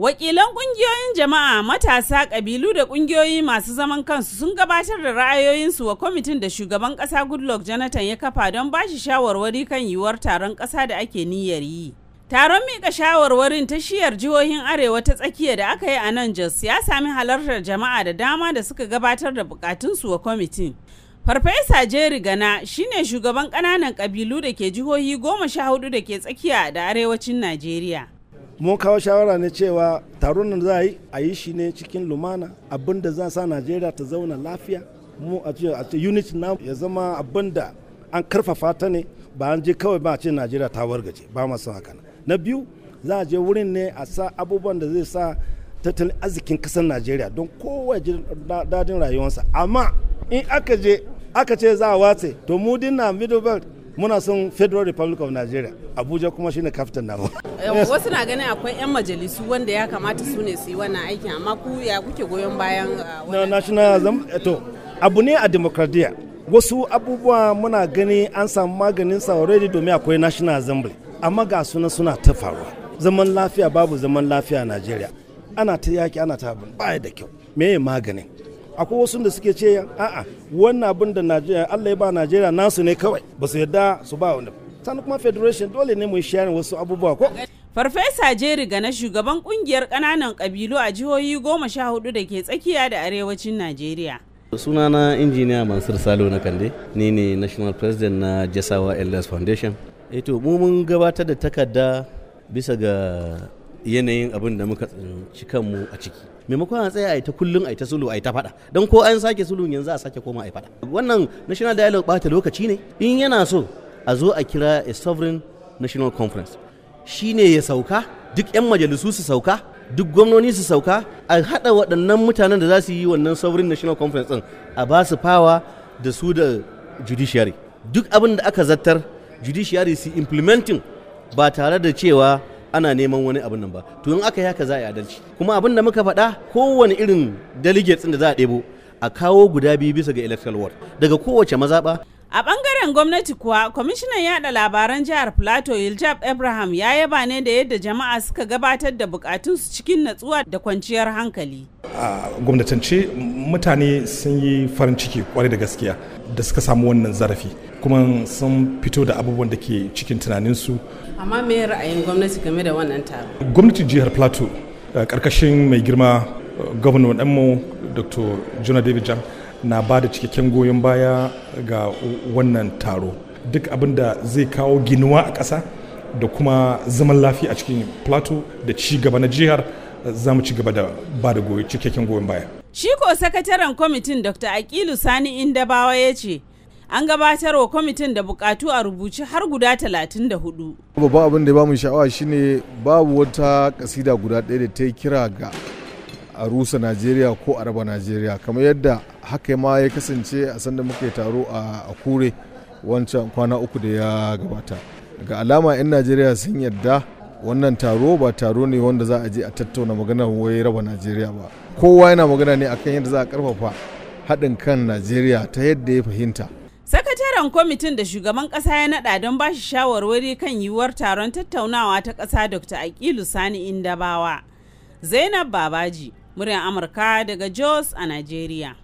Wakilan kungiyoyin jama'a matasa kabilu da kungiyoyi masu zaman kansu sun gabatar da ra'ayoyinsu wa kwamitin da shugaban kasa Goodluck Jonathan ya kafa don ba shi shawarwari kan yiwuwar taron kasa da ake niyyar yi. Taron mika shawarwarin ta shiyar jihohin Arewa ta tsakiya da aka yi a nan Jos ya sami halartar jama'a da dama da suka gabatar da bukatunsu wa kwamitin. Farfesa Jerry Gana shine shugaban ƙananan ƙabilu da ke jihohi goma sha hudu da ke tsakiya da arewacin Najeriya. mun kawo shawara ne cewa taron nan za a yi shi ne cikin lumana abin da za sa najeriya ta zauna lafiya mu a ce unit na ya zama abin da an karfafa ta ne ba an je kawai ba a ce najeriya ta wargaje ba ma son haka na biyu za a je wurin ne a sa abubuwan da zai sa tattalin arzikin kasar najeriya don kowa ji dadin rayuwarsa amma in aka je aka ce za a watse to mu dinna middle belt muna son federal republic of nigeria abuja kuma shine kaftan namu wasu na ganin akwai yan majalisu wanda ya kamata su ne su yi wannan aikin amma ku ya kuke goyon bayan ah, na national eh, to abu ne a demokradiya wasu abubuwa muna gani an samu maganin sa already domin akwai national assembly amma ga suna suna ta faruwa zaman lafiya babu zaman lafiya a nigeria. ana ta yaki ana ta baya da kyau me maganin akwai wasu da suke ce a'a wannan abin da Allah ya ba Najeriya nasu ne kawai ba su yadda su ba wani ta kuma federation dole ne mu yi wasu abubuwa ko Farfesa Jerry Gana shugaban kungiyar ƙananan kabilu a jihohi goma sha hudu da ke tsakiya da arewacin Najeriya. Sunana injiniya Mansur Salo na Kande, ni ne National President na Jasawa Elders Foundation. Eto, eh mu mun gabatar da takarda bisa ga yanayin abin da muka tsinci kanmu a ciki maimakon a tsaya a ta kullum a ta sulu a ta faɗa don ko an sake sulu yanzu a sake koma a yi faɗa wannan national dialogue bata lokaci ne in yana so a zo a kira a sovereign national conference shi ne ya sauka duk 'yan majalisu su sauka duk gwamnoni su sauka a haɗa waɗannan mutanen da za su yi wannan sovereign national conference ɗin a ba su fawa da su da judiciary duk abin da aka zartar judiciary su implementing ba tare da cewa ana neman wani abin nan ba to in aka yi haka za a yi adalci kuma abin da muka faɗa kowane irin delegates da za a ɗebo a kawo guda biyu bisa ga electoral ward daga kowace mazaɓa a bangaren gwamnati kuwa kwamishinan yada labaran jihar plateau iljab abraham ya yaba ne da yadda jama'a suka gabatar da bukatunsu cikin natsuwa da kwanciyar hankali a gwamnatance mutane sun yi farin ciki kwarai da gaskiya da suka samu wannan zarafi kuma sun fito da abubuwan da ke cikin tunaninsu amma me ra'ayin gwamnati game da wannan taro gwamnatin jihar plateau karkashin eh, mai girma eh, gwamnan danmu dr jonah david jam na ba da cikakken goyon baya ga wannan taro duk abin da zai kawo ginuwa a ƙasa da kuma zaman lafiya a cikin plateau da ci gaba na jihar za mu ci gaba da ba da cikakken goyon baya. Shi ko sakataren kwamitin Dr. Akilu Sani Indabawa ya ce an gabatar wa kwamitin da bukatu a rubuci har guda 34. Babban abin da ba mu sha'awa shine babu wata kasida guda ɗaya da ta yi kira ga a rusa Najeriya ko araba Najeriya kamar yadda haka ma ya kasance a sanda muke taro a kure wancan kwana uku da ya gabata. Ga alama 'yan Najeriya sun yadda wannan taro ba taro ne wanda za a je a tattauna maganar wai raba najeriya ba kowa yana magana ne akan yadda za a karfafa haɗin kan najeriya ta yadda ya fahimta sakataren kwamitin da shugaban ƙasa ya naɗa don ba shi shawarwari kan yiwuwar taron tattaunawa ta ƙasa dr akilu sani indabawa zainab babaji muryar amurka daga jos a najeriya